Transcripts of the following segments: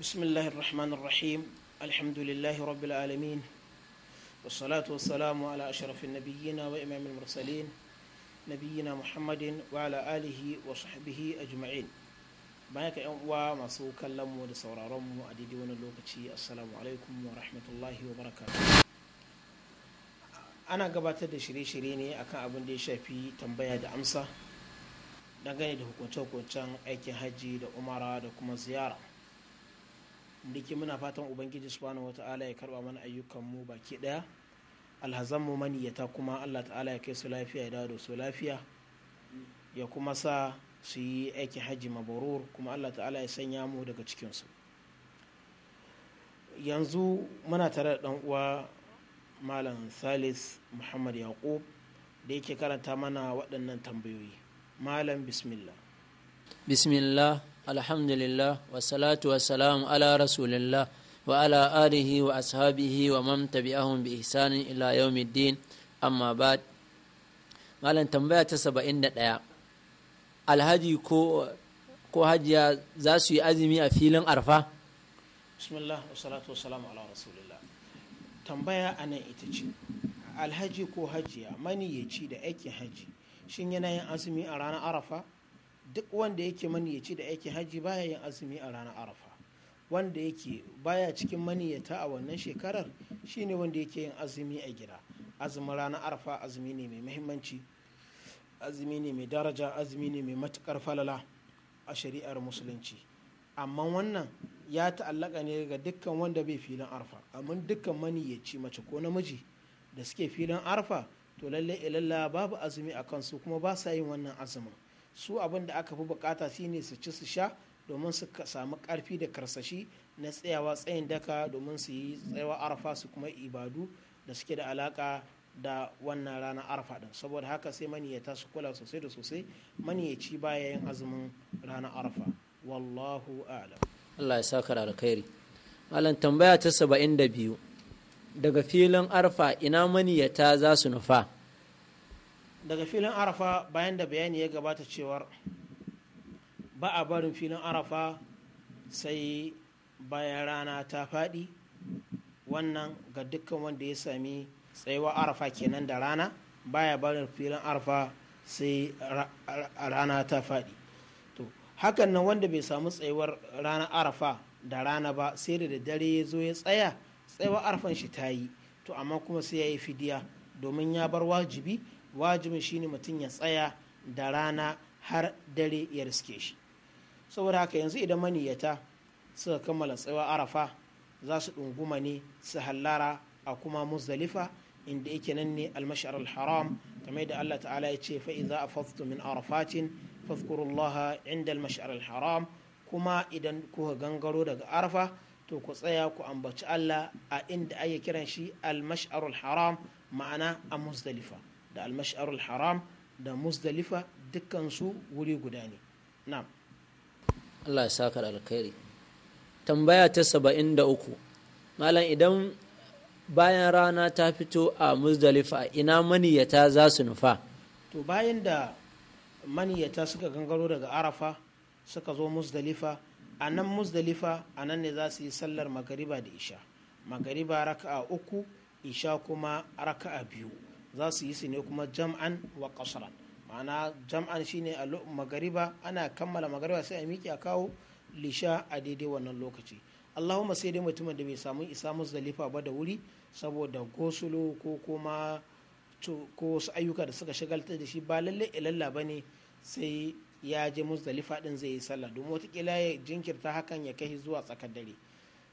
بسم الله الرحمن الرحيم الحمد لله رب العالمين والصلاة والسلام على أشرف النبيين وإمام المرسلين نبينا محمد وعلى آله وصحبه أجمعين بارك أنوا ما سو كلام ودسورا رم أديدي ونلوكتي السلام عليكم ورحمة الله وبركاته أنا قبعت شري شريني أكا أبن دي شافي تنبيه دا أمسا dangane da hukunce-hukuncen aikin hajji da umara da kuma ziyara duki muna fatan ubangiji subhanahu wata'ala ya karba mana ayyukan mu baki daya alhazan mu maniyata kuma Allah ta'ala ya kai su lafiya ya dawo da su lafiya ya kuma sa su yi aiki hajji mabarur kuma Allah ta'ala ya sanya mu daga cikin su yanzu muna tare da uwa malam salis muhammad yaqub da yake karanta mana waɗannan tambayoyi malam bismillah bismillah alhamdulillah wasalatu wasalamu ala rasulillah wa ala wa ashabihi wa man tabi'ahum bi ihsanin ila yawmiddin amma ba malam tambaya ta saba'in da ɗaya alhaji ko hajiya za su yi azumi a filin arfa bismillah wasalatu wasalamu ala rasulillah tambaya anan ita ce alhaji ko hajiya maniyaci da aikin haji shin yana yin azumi a ranar arafa duk wanda yake maniyaci da yake haji baya yin azumi a ranar arafa wanda yake baya cikin maniyata a wannan shekarar shine wanda yake yin azumi a gida azumin ranar arafa azumi ne mai muhimmanci azumi ne mai daraja azumi ne mai matukar falala a shari'ar musulunci amma wannan ya ta'allaka ne ga dukkan wanda bai filin arfa amma dukkan maniyaci mace ko namiji da suke filin arfa to lalle ilalla babu azumi a kansu kuma ba sa yin wannan azumin su abin da aka fi bukata shine su ci su sha domin su samu karfi da karsashi na tsayawa tsayin daka domin su yi tsayawa arafa su kuma ibadu da suke da alaka da wannan ranar arafa din saboda haka sai maniyyata su kula sosai da sosai maniyyaci baya yin azumin ranar arafa wallahu a'lam Allah ya saka da alkhairi malam tambaya ta 72 daga filin arfa ina maniyyata za su nufa daga filin arafa bayan da bayani ya gabata cewar ba a barin filin arafa sai bayan rana ta faɗi wannan ga dukkan wanda ya sami tsayuwa arafa kenan da rana baya barin filin arafa sai rana ta faɗi to hakan nan wanda bai samu tsayuwar rana arafa da rana ba sai da dare ya zo ya tsaya tsayuwar arafan shi ta yi to amma kuma sai ya yi fidiya domin ya bar wajibi wajibin shine mutum ya tsaya da rana har dare ya riske shi saboda haka yanzu idan maniyata suka kammala tsayawa arafa za su ɗunguma ne su hallara a kuma muzdalifa inda yake nan ne almashar alharam kamar da Allah ta'ala ya ce fa'iza a afadtu min arafatin fadhkurullaha inda almashar alharam kuma idan kuka gangaro daga arafa to ku tsaya ku ambaci Allah a inda ake kiran shi almashar alharam ma'ana a muzdalifa da almash'arul haram da musdalifa dukkansu wuri guda ne na Allah ya saka alkhairi tambaya ta saba'in da uku malam idan bayan rana ta fito a musdalifa ina maniyata za su nufa to bayan da maniyata suka gangaro daga arafa suka zo musdalifa a nan musdalifa a nan ne za su yi sallar magariba da isha magariba raka'a uku isha kuma raka'a biyu za su yi su ne kuma jam'an wa qasran ma'ana jam'an shine a magariba ana kammala magariba sai a miƙe a kawo lisha a daidai wannan lokaci allahumma sai dai mutumin da bai samu isa musu zalifa ba da wuri saboda gosulo ko kuma ko wasu ayyuka da suka shagaltar da shi ba lalle ilalla ba ne sai ya je musu zalifa din zai yi sallah domin watakila ya jinkirta hakan ya kai zuwa tsakar dare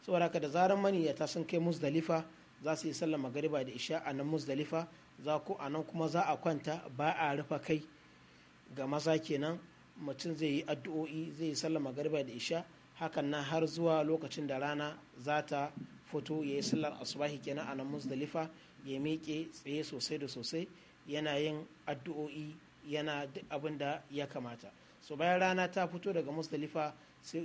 saboda haka da zarar maniyata sun kai musu zalifa za su yi sallah magariba da isha a nan musu zalifa za ku a nan kuma za a kwanta ba a rufa kai ga maza kenan mutum zai yi addu'o'i zai yi sallar magariba da isha hakan nan har zuwa lokacin da rana za ta fito ya yi sallar asubahi kenan a nan musdalifa ya miƙe tsaye sosai da sosai yana yin addu'o'i yana duk abin da ya kamata so bayan rana ta fito daga musdalifa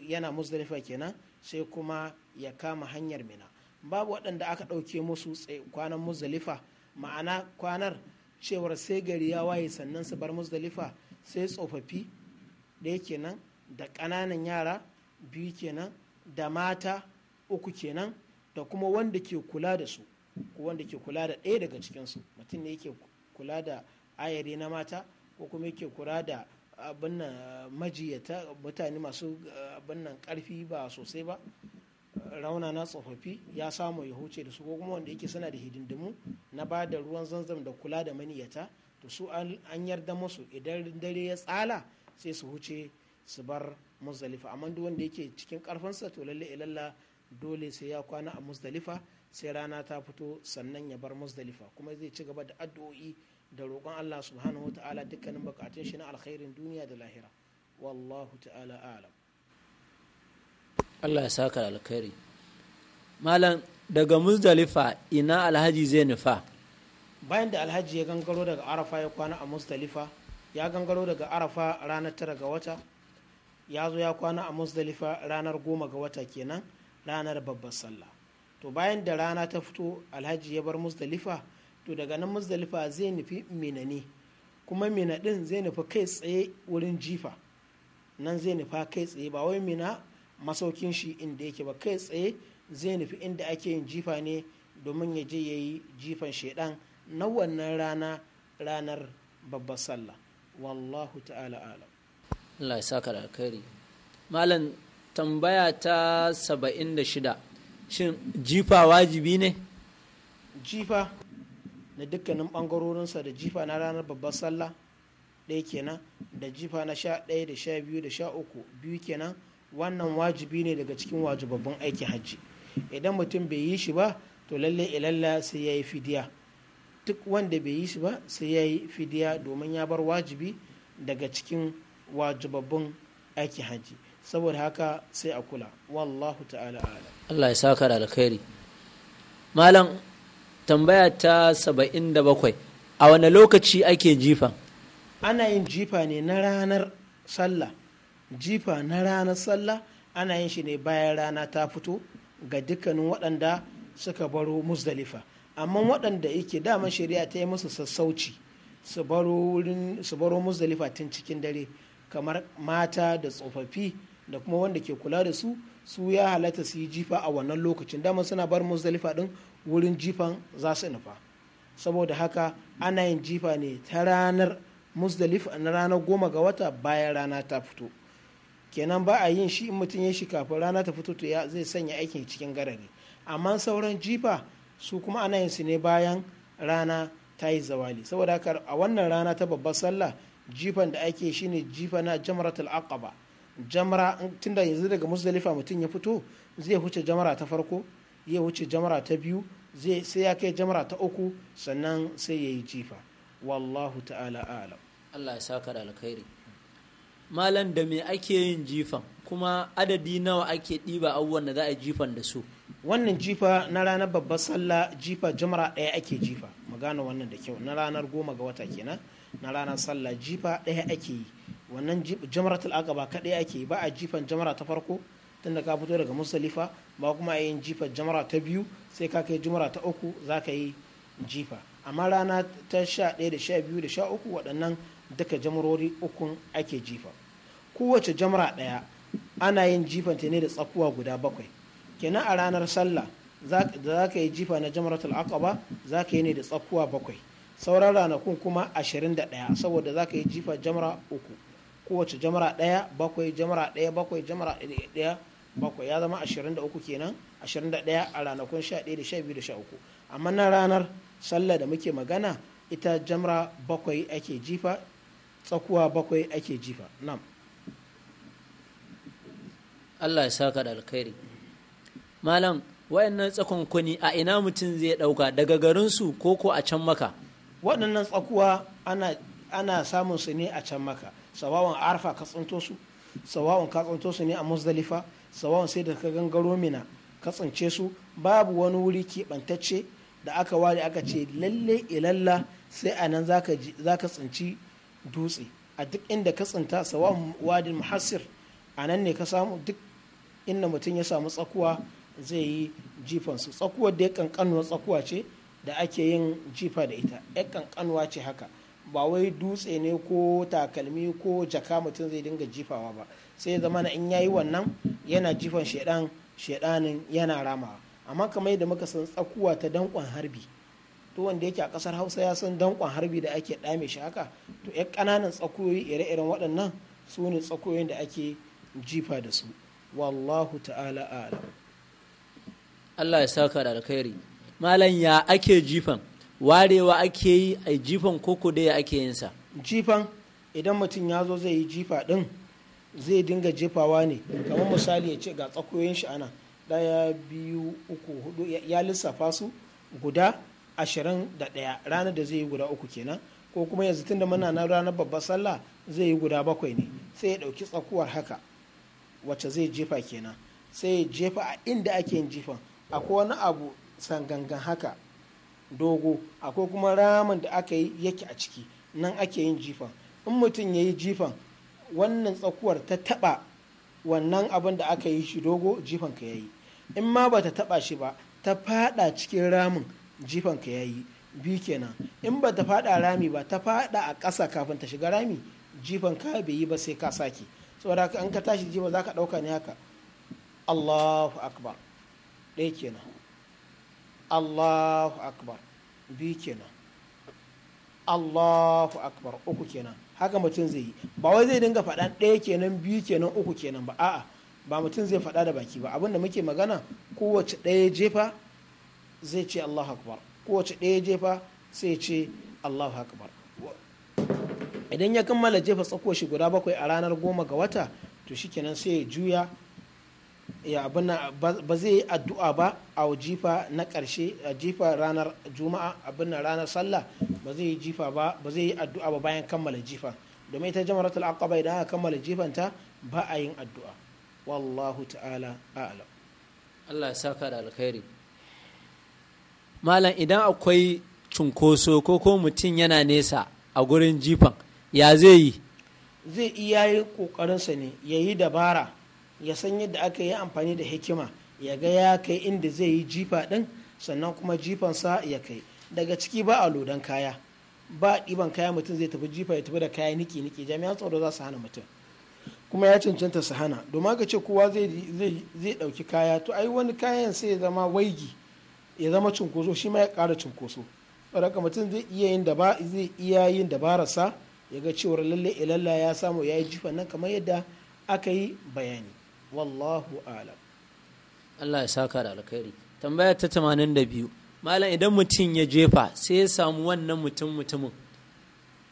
yana musdalifa kenan sai kuma ya kama hanyar mina babu waɗanda aka ɗauke musu kwanan musdalifa ma'ana kwanar cewar sai gari ya waye sannan su bar musdalifa sai tsofaffi yake kenan da ƙananan yara biyu kenan da mata uku kenan da kuma wanda ke kula da su ko wanda ke kula da ɗaya daga cikinsu mutum ne yake kula da ayare na mata ko kuma yake kula da abin nan majiyata mutane masu eh, abin nan ƙarfi ba sosai ba rauna na tsofaffi ya samu ya huce da su ko kuma wanda yake suna da hidindimu na ba da ruwan zanzam da kula da maniyata to su an yarda masu idan dare ya tsala sai su huce su bar muzdalifa amma duk wanda yake cikin karfinsa to lalle ilalla dole sai ya kwana a muzdalifa sai rana ta fito sannan ya bar muzdalifa kuma zai ci gaba da addu'o'i da roƙon Allah subhanahu wa ta'ala dukkanin bukatun shi na alkhairin duniya da lahira wallahu ta'ala alam Allah ya saka alkhairi malam daga muzdalifa ina alhaji zai nufa bayan da alhaji ya gangaro daga arafa ya kwana a muzdalifa ya gangaro daga arafa ranar tara ga wata ya zo ya kwana a muzdalifa ranar goma ga wata kenan ranar babbar sallah to bayan da rana ta fito alhaji ya bar muzdalifa to daga nan muzdalifa zai nufi minani kuma mina din zai nufi kai tsaye wurin jifa nan zai nufa kai tsaye ba wai mina masaukin shi inda yake ba kai tsaye zai nufi inda ake yin jifa ne domin ya je ya yi jifan shaidan na wannan rana ranar babbar sallah wallahu ta'ala alam Allah ya saka da alkhairi malam tambaya ta saba'in da shin jifa wajibi ne jifa na dukkanin bangarorinsa da jifa na ranar babbar sallah ɗaya kenan da jifa na sha ɗaya da sha biyu da sha uku biyu kenan wannan wajibi ne daga cikin wajibabbin aikin hajji idan mutum bai yi shi ba to lalle ilalla sai ya yi fidiya duk wanda bai yi shi ba sai ya yi fidiya domin ya bar wajibi daga cikin wajibabbin aikin hajji saboda haka sai a kula wallahu ta'ala Allah ya saka da alkhairi malam tambaya ta saba'in da bakwai a wane lokaci ake jifa ana yin jifa ne na ranar sallah jifa na ranar sallah ana yin shi ne bayan rana ta fito ga dukkanin waɗanda suka baro musdalifa amma waɗanda yake dama shari'a ta yi musu sassauci su baro musdalifa tun cikin dare kamar mata da tsofaffi da kuma wanda ke kula da su su ya halatta su yi jifa a wannan lokacin dama suna bar musdalifa ɗin wurin jifan za su nufa saboda haka ana yin jifa ne ta ranar musdalifa na ranar goma ga wata bayan rana ta fito kenan ba a yin shi in mutum ya shi kafin rana ta fito ya zai sanya aikin cikin garari amma sauran jifa su kuma ana yin su ne bayan rana ta yi zawali saboda haka a wannan rana ta babbar sallah jifan da ake ne jifa na jamratul aqaba jamra tunda yanzu daga musdalifa mutum ya fito zai huce jamra ta farko ya huce jamra ta biyu zai sai ya kai jamra ta uku sannan sai ya yi jifa wallahu ta'ala alam Allah ya saka da alkhairi malam da me ake yin jifan kuma adadi nawa ake ɗiba abubuwan da za a jifan da su wannan jifa na ranar babbar sallah jifa jimara ɗaya ake jifa mu gane wannan da kyau na ranar goma ga wata kenan na ranar sallah jifa ɗaya ake yi wannan jamaratul ba kaɗai ake yi ba a jifan jamara ta farko tunda ka fito daga musalifa ba kuma a yin jifa jamara ta biyu sai ka kai jimara ta uku za ka yi jifa amma rana ta sha ɗaya da sha biyu da sha uku waɗannan duka jamurori ukun ake jifa kowace jamara ɗaya ana yin jifanta ne da tsakuwa guda bakwai kenan a ranar sallah da za ka yi jifa na jamratul aqaba za ka yi ne da tsakuwa bakwai sauran ranakun kuma ashirin da ɗaya saboda za ka yi jifa jamara uku kowace jamara ɗaya bakwai jamara ɗaya bakwai jamara ɗaya bakwai ya zama ashirin da uku kenan ashirin da ɗaya a ranakun sha ɗaya da sha biyu da sha uku amma na ranar sallah da muke magana ita jamara bakwai ake jifa tsakuwa bakwai ake jifa nam Allah ya saka da alkhairi malam wayannan tsakon kuni a ina mutum zai ɗauka daga garinsu ko ko a can maka waɗannan tsakuwa ana samun su ne a can maka sawawan arfa ka tsinto su sawawan ka tsinto su ne a muzdalifa sawawan sai da ka gangaro mina ka tsince su babu wani wuri keɓantacce da aka ware aka ce lalle ilalla sai a nan za ka tsinci dutse a duk inda ka tsinta sawahun wadin muhassir a nan ne ka samu duk inda mutum ya samu tsakuwa zai yi jifansu tsakuwar da ya kankanuwa tsakuwa ce da ake yin jifa da ita ya kankanuwa ce haka ba wai dutse ne ko takalmi ko jaka mutum zai dinga jifawa ba sai zama na in yayi wannan yana jifan shedan shedanin yana ramawa amma kamar yadda muka san tsakuwa ta dankon harbi to wanda yake a kasar hausa ya san dankon harbi da ake dame shi haka to yan kananan tsakoyi ire-iren waɗannan su ne tsakoyin da ake jifa da su wallahu ta'ala alam Allah ya saka da alkhairi malam ya ake jifan warewa ake yi a jifan koko da ya ake yinsa jifan idan mutum ya zo zai yi jifa din zai dinga jefawa ne kamar misali ya ce ga tsakoyin shi ana ɗaya biyu uku hudu ya lissafa su guda ashirin da ɗaya ranar da zai yi guda uku kenan ko kuma yanzu tun da muna na ranar babbar sallah zai yi guda bakwai ne sai ya ɗauki tsakuwar haka wacce zai jefa kenan sai ya jefa a inda ake yin jifan akwai wani abu sangangan haka dogo akwai kuma ramin da aka yi yake a ciki nan ake yin jifan in mutum ya yi jifan wannan tsakuwar ta taɓa wannan abin da aka yi shi dogo jifan ka ya yi in ma ba ta taɓa shi ba ta faɗa cikin ramin jifan ka yayi biyu kenan in ba ta fada rami ba ta fada a ƙasa kafin ta shiga rami jifan ka bai yi ba sai ka sake saboda an ka tashi jifa za ka ɗauka ne haka allahu akbar ɗaya kenan allahu akbar biyu kenan allahu akbar uku kenan haka mutum zai yi ba wai zai dinga faɗan ɗaya kenan biyu kenan uku kenan ba a'a ba mutum zai faɗa da baki ba abinda muke magana kowace ɗaya jefa zai ce Allahu akbar kowace ɗaya jefa sai ce Allahu akbar idan ya kammala jefa tsakuwa shi guda bakwai a ranar goma ga wata to shikenan sai ya juya ya abinna ba zai yi addu'a ba a jifa na ƙarshe a jifa ranar juma'a abinna ranar sallah ba zai yi jifa ba ba zai yi addu'a ba bayan kammala jifa domin ita jamaratul aqaba idan aka kammala jifanta ba a yin addu'a wallahu ta'ala a'lam Allah ya saka da alkhairi malam idan akwai cunkoso ko ko mutum yana nesa a gurin jifan ya zai yi zai iya yi ƙoƙarinsa ne ya yi dabara ya san yadda aka yi amfani da hikima ya ga ya kai inda zai yi jifa din sannan kuma jifansa ya kai daga ciki ba a lodan kaya ba ɗiban kaya mutum zai tafi jifa ya tafi da kaya niki niki jami'an tsaro za su hana mutum kuma ya cancanta su hana domin aka ce kowa zai ɗauki kaya to ai wani kayan sai ya zama waigi ya zama cunkoso shi ma ya ƙara cunkoso saboda mutum zai iya yin ba zai iya yin dabararsa ya ga cewar lalle ilalla ya samu ya yi jifa nan kamar yadda aka yi bayani wallahu alam Allah ya saka da alkhairi tambaya ta 82 malam idan mutum ya jefa sai ya samu wannan mutum mutumin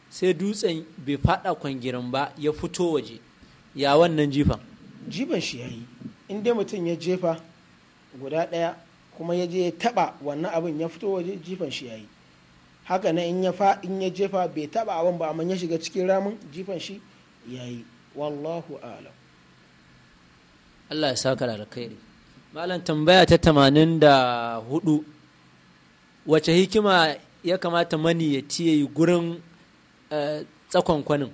sai dutsen bai fada kwangirin ba ya fito waje ya wannan jifan jifan shi ya in dai mutum ya jefa guda daya kuma ya je ya taba wannan abin ya fito waje jifan shi yayi haka na in ya fa in ya jefa bai taba abin ba amma ya shiga cikin ramin jifan shi yayi wallahu a'lam Allah ya saka da alkhairi malam tambaya ta 84 wace hikima ya kamata mani ya tiye gurin eh, tsakon kwanin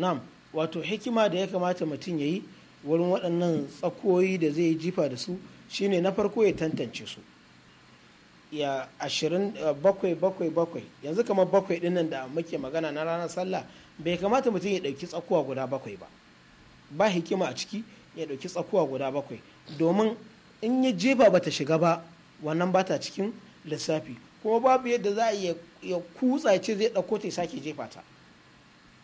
nam wato hikima da ya kamata mutum ya yi wurin waɗannan tsakoyi da zai jifa da su shine na farko ya tantance su ya ashirin eh, bakwai bakwai bakwai yanzu kamar bakwai dinnan da muke magana na ranar sallah bai kamata mutum ya ɗauki tsakuwa guda bakwai ba ba hikima a ciki ya ɗauki tsakuwa guda bakwai domin in ya jefa bata shiga ba wannan bata cikin lissafi kuma babu yadda za a ya kutsa ce zai ɗauko ta sake jefa ta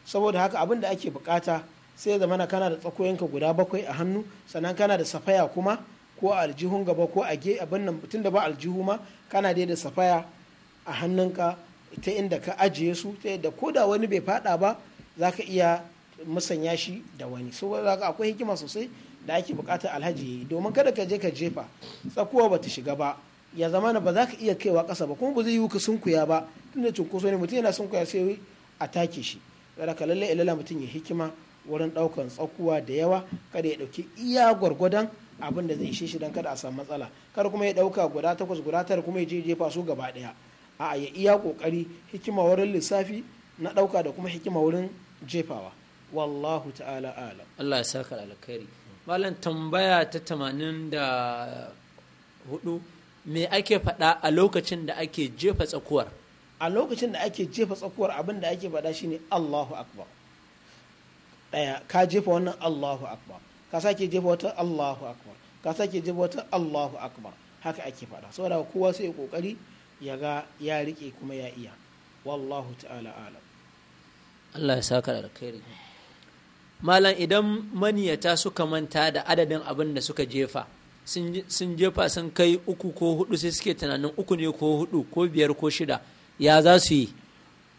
saboda haka abin da ake bukata sai ya zamana kana da tsakoyanka guda bakwai a hannu sannan kana da safaya kuma ko a aljihun gaba ko a ge abin nan tun da ba aljihu ma kana dai da safaya a hannunka ta inda ka ajiye su ta yadda ko da wani bai fada ba za ka iya musanya shi da wani so za ka akwai hikima sosai da ake bukatar alhaji yi domin kada ka je ka jefa tsakuwa bata shiga ba ya zamana ba za ka iya kaiwa kasa ba kuma ba zai yi ka sunkuya ba tunda cunkoso ne mutum yana sunkuya sai a take shi kada ka lalle ilala mutum ya hikima wurin ɗaukan tsakuwa da yawa kada ya ɗauki iya gwargwadon abin da zai ishe shi don kada a samu matsala kada kuma ya ɗauka guda takwas guda tara kuma ya je jefa su gaba ɗaya a ya iya ƙoƙari hikima wurin lissafi na ɗauka da kuma hikima wurin jefawa wallahu ta'ala alam Allah ya saka alkhairi malam tambaya ta tamanin da hudu me ake faɗa a lokacin da ake jefa tsakuwar a lokacin da ake jefa tsakuwar abin da ake fada shine Allahu akbar ɗaya ka jefa wannan Allahu akbar ka sake jefa wata Allahu akbar ka sake jefa wata Allahu akbar haka ake faɗa saboda kowa sai kokari ya ga ya rike kuma ya iya wallahu ta'ala alam Allah ya saka da alkhairi malam idan maniyata suka manta da adadin abin da suka jefa sun jefa sun kai uku ko hudu sai suke tunanin uku ne ko hudu ko biyar ko shida ya za su yi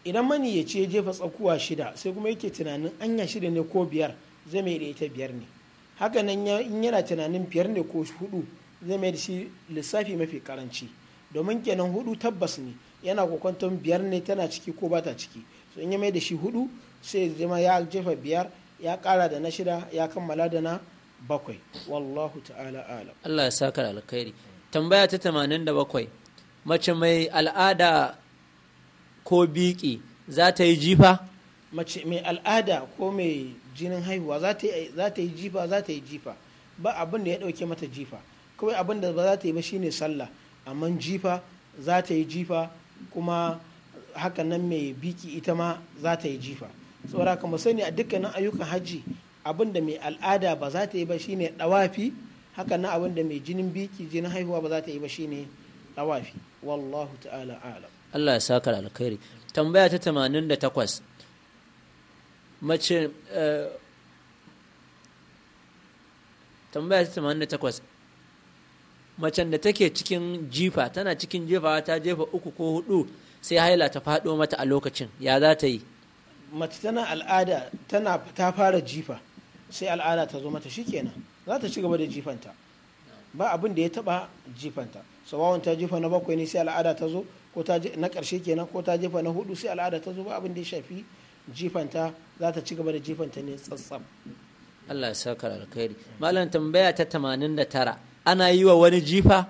idan maniyaci ya jefa tsakuwa shida sai kuma yake tunanin anya shida ne ko biyar zai mai da ita biyar ne hakanan nan in yana tunanin biyar ne ko hudu zai mai da shi lissafi mafi karanci domin kenan hudu tabbas ne yana kokwanton biyar ne tana ciki ko bata ciki so in ya mai da shi hudu sai zama ya jefa biyar ya kara da na shida ya kammala da na bakwai wallahu ta'ala alam Allah ya saka alkhairi tambaya ta tamanin da bakwai mace mai al'ada ko biki za ta yi jifa mace mai al'ada ko mai jinin haihuwa za ta yi jifa za ta yi jifa ba abin da ya dauke mata jifa kawai abin da ba za ta yi ba shine sallah amma jifa za ta yi jifa kuma hakan nan mai biki ita ma za ta yi jifa saboda kuma sani a dukkanin ayyukan hajji abin da mai al'ada ba za ta yi ba shine dawafi hakan nan abin da mai jinin biki jinin haihuwa ba za ta yi ba shine dawafi wallahu ta'ala alam Allah ya saka alkhairi tambaya ta 88 mace eh, ta macen da take cikin jifa tana cikin jifawa ta jefa uku ko hudu sai haila ta faɗo mata a lokacin ya za ta yi mace tana al'ada tana ta fara jifa sai al'ada ta zo mata shikenan za ta ci gaba da jifanta ba abin da ya taba jifanta sawawan ta jifa na bakwai ne sai al'ada ta zo ko ta na karshe kenan ko ta jefa na hudu sai al'ada ta zo ba abin da ya shafi jifanta za ta ci gaba da jifanta ne tsatsam Allah ya saukar alkhairi malam tambaya ta 89 ana yi wa wani jifa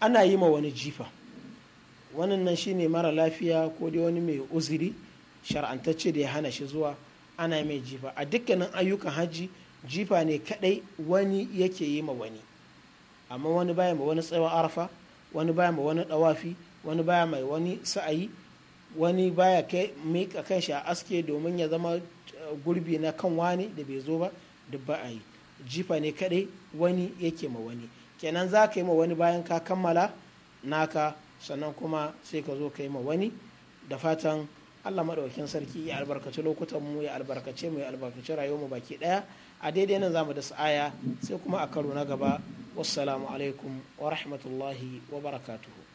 ana yi ma wani jifa wannan nan shine mara lafiya ko dai wani mai uziri shar'antacce da ya hana shi zuwa ana mai jifa a dukkanin ayyukan hajji jifa ne kadai wani yake yi ma wani amma wani baya ma wani tsawon arafa wani baya ma wani dawafi wani baya mai wani sa'ayi wani baya kai mika kanshi a aske domin ya zama eh, gurbi na kan wani da bai zo ba duk ba a yi jifa ne kadai wani yake ma wani kenan za ka yi ma wani bayan ka kammala naka sannan kuma sai ka zo ka yi ma wani da fatan allah maɗaukin sarki ya albarkaci lokutan mu ya albarkace mu ya albarkaci rayuwar mu baki ɗaya a daidai nan zamu da sa'aya sai kuma a karo na gaba wassalamu alaikum wa rahmatullahi wa barakatuhu